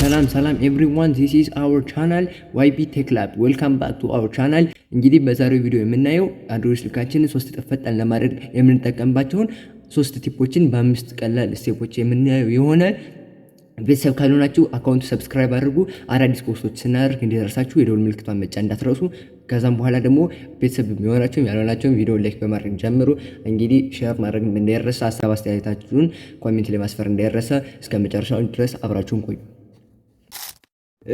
ሰላም ሰላም ኤቭሪዋን ዚስ ኢዝ አወር ቻናል ዋይፒ ቴክ ላብ ዌልካም ባክ ቱ አወር ቻናል። እንግዲህ በዛሬው ቪዲዮ የምናየው አንድሮይድ ስልካችንን ሶስት እጥፍ ፈጣን ለማድረግ የምንጠቀምባቸውን ሶስት ቲፖችን በአምስት ቀላል ስቴፖች የምናየው ይሆናል። ቤተሰብ ካልሆናችሁ አካውንቱ ሰብስክራይብ አድርጉ። አዳዲስ ፖስቶች ስናደርግ እንዲደርሳችሁ የደውል ምልክቷን መጫን እንዳትረሱ። ከዛም በኋላ ደግሞ ቤተሰብ የሚሆናቸውም ያልሆናቸውም ቪዲዮ ላይክ በማድረግ ጀምሩ። እንግዲህ ሼር ማድረግ እንዳይረሳ፣ ሀሳብ አስተያየታችሁን ኮሜንት ላይ ማስፈር እንዳይረሳ። እስከ መጨረሻው ድረስ አብራችሁን ቆዩ።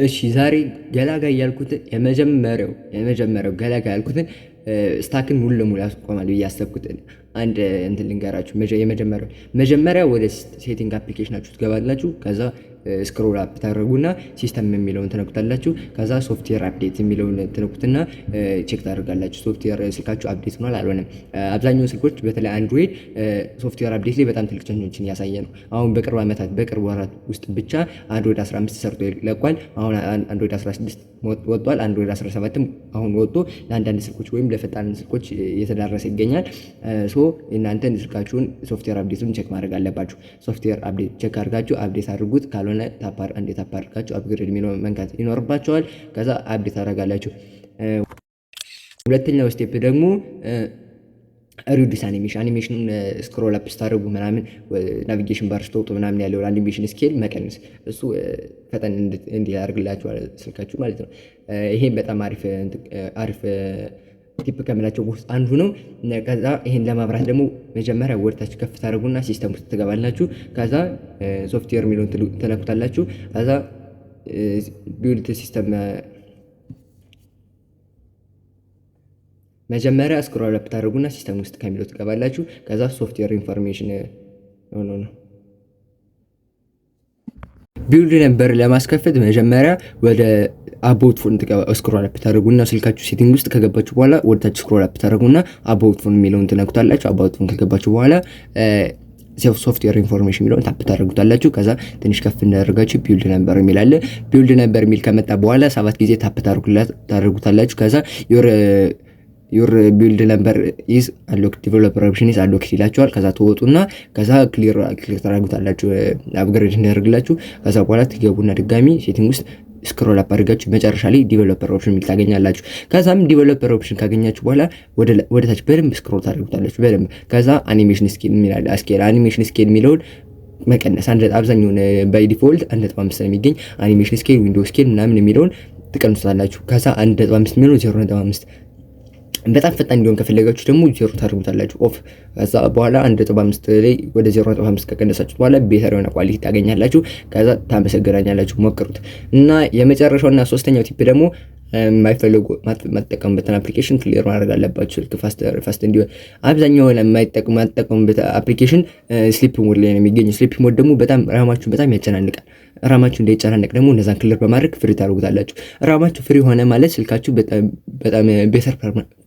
እሺ ዛሬ ገላጋ ያልኩትን የመጀመሪያው የመጀመሪያው ገላጋ ያልኩትን ስታክን ሙሉ ለሙሉ ያስቆማል ብዬ ያሰብኩትን አንድ እንትን ልንገራችሁ። የመጀመሪያው መጀመሪያ ወደ ሴቲንግ አፕሊኬሽናችሁ ትገባላችሁ። ከዛ ስክሮል አፕ ታደረጉና ሲስተም የሚለውን ትነኩታላችሁ። ከዛ ሶፍትዌር አፕዴት የሚለውን ትነኩትና ቼክ ታደርጋላችሁ። ሶፍትዌር ስልካችሁ አፕዴት ሆኗል አልሆነም። አብዛኛው ስልኮች በተለይ አንድሮይድ ሶፍትዌር አፕዴት ላይ በጣም ትልቅ ቻንሶችን ያሳየ ነው። አሁን በቅርብ ዓመታት በቅርብ ወራት ውስጥ ብቻ አንድሮይድ 15 ሰርቶ ለቋል። አሁን አንድሮይድ 16 ወጥቷል። አንድሮይድ 17ም አሁን ወጥቶ ለአንዳንድ ስልኮች ወይም ለፈጣን ስልኮች እየተዳረሰ ይገኛል። ሶ እናንተን ስልካችሁን ሶፍትዌር አፕዴቱን ቼክ ማድረግ አለባችሁ። ሶፍትዌር አፕዴት ቼክ አድርጋችሁ አፕዴት አድርጉት ካልሆነ ታፓር እንዴት ታፓርካችሁ አፕግሬድ የሚለውን መንካት ይኖርባቸዋል። ከዛ አፕዴት ታደርጋላችሁ። ሁለተኛው ስቴፕ ደግሞ ሪዱስ አኒሜሽን አኒሜሽን ስክሮል አፕ ስታደርጉ ምናምን ናቪጌሽን ባር ስትወጡ ምናምን ያለውን አኒሜሽን ስኬል መቀነስ፣ እሱ ፈጠን እንዲያደርግላችሁ ስልካችሁ ማለት ነው። ይሄም በጣም አሪፍ አሪፍ ቲፕ ከምላቸው ውስጥ አንዱ ነው። ከዛ ይሄን ለማብራት ደግሞ መጀመሪያ ወደታችሁ ከፍ ታደርጉና ሲስተም ውስጥ ትገባላችሁ። ከዛ ሶፍትዌር የሚለውን ትነኩታላችሁ። ከዛ ቢውልት ሲስተም መጀመሪያ ስክሮል አፕ ታደርጉና ሲስተም ውስጥ ከሚለው ትገባላችሁ። ከዛ ሶፍትዌር ኢንፎርሜሽን ሆኖ ነው ቢውልድ ነበር ለማስከፈት መጀመሪያ ወደ አባውት ፎን ስክሮል አፕ ታደረጉና ስልካችሁ ሴቲንግ ውስጥ ከገባችሁ በኋላ ወደታች ስክሮል አፕ ታደረጉና አባውት ፎን የሚለውን ትነኩታላችሁ። አባውት ፎን ከገባችሁ በኋላ ሶፍትዌር ኢንፎርሜሽን የሚለውን ታፕ ታደርጉታላችሁ። ከዛ ትንሽ ከፍ እንዳደርጋችሁ ቢውልድ ነበር የሚል አለ። ቢውልድ ነበር የሚል ከመጣ በኋላ ሰባት ጊዜ ታፕ ታደርጉታላችሁ። ከዛ ዮር ዩር ቢልድ ነምበር ኢዝ አሎክት ዲቨሎፐር ኦፕሽን ኢዝ አሎክት ይላችኋል። ከዛ ትወጡና ከዛ ክሊር ክሊር ታደርጉታላችሁ፣ አፕግሬድ እንዲያደርግላችሁ። ከዛ በኋላ ትገቡና ድጋሚ ሴቲንግ ውስጥ ስክሮል አፕ አድርጋችሁ መጨረሻ ላይ ዲቨሎፐር ኦፕሽን የሚል ታገኛላችሁ። ከዛም ዲቨሎፐር ኦፕሽን ካገኛችሁ በኋላ ወደ ታች በደንብ ስክሮል ታደርጉታላችሁ በደንብ ከዛ አኒሜሽን ስኬል የሚላለ አስኬል አኒሜሽን ስኬል የሚለውን መቀነስ አንድ አብዛኛውን ባይ ዲፎልት አንድ ነጥብ አምስት ነው የሚገኝ አኒሜሽን ስኬል ዊንዶው ስኬል ምናምን የሚለውን ትቀንሱታላችሁ። ከዛ አንድ ነጥብ አምስት የሚለው ዜሮ ነጥብ አምስት በጣም ፈጣን እንዲሆን ከፈለጋችሁ ደግሞ ዜሮ ታደርጉታላችሁ ኦፍ። ከዛ በኋላ አንድ ነጥብ አምስት ላይ ወደ ዜሮ ነጥብ አምስት ከቀነሳችሁት በኋላ ቤተር የሆነ ኳሊቲ ታገኛላችሁ። ከዛ ታመሰገናኛላችሁ። ሞክሩት። እና የመጨረሻውና ሶስተኛው ቲፕ ደግሞ የማይፈልጉ ማጠቀሙበትን አፕሊኬሽን ክሊር ማድረግ አለባችሁ። ልክ ፋስት እንዲሆን አብዛኛው የማይጠቀሙበት አፕሊኬሽን ስሊፕ ሞድ ላይ ነው የሚገኝ። ስሊፕ ሞድ ደግሞ በጣም ራማችሁን በጣም ያጨናንቃል። ራማችሁ እንዳይጨናነቅ ደግሞ እነዛን ክሊር በማድረግ ፍሪ ታደርጉታላችሁ። ራማችሁ ፍሪ ሆነ ማለት ስልካችሁ በጣም ቤተር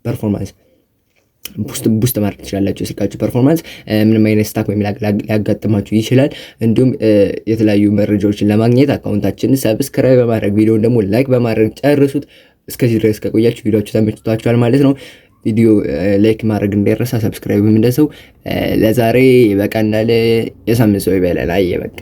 ፐርፎርማንስ ቡስት ማድረግ ትችላላችሁ። የስልካችሁ ፐርፎርማንስ ምንም አይነት ስታክ ወይም ሊያጋጥማችሁ ይችላል። እንዲሁም የተለያዩ መረጃዎችን ለማግኘት አካውንታችን ሰብስክራይብ በማድረግ ቪዲዮን ደግሞ ላይክ በማድረግ ጨርሱት። እስከዚህ ድረስ ከቆያችሁ ቪዲዮችሁ ተመችቷችኋል ማለት ነው። ቪዲዮ ላይክ ማድረግ እንዳይረሳ፣ ሰብስክራይብ እንደሰው። ለዛሬ በቃ የሳምንት ሰው ይበላል። አየ በቃ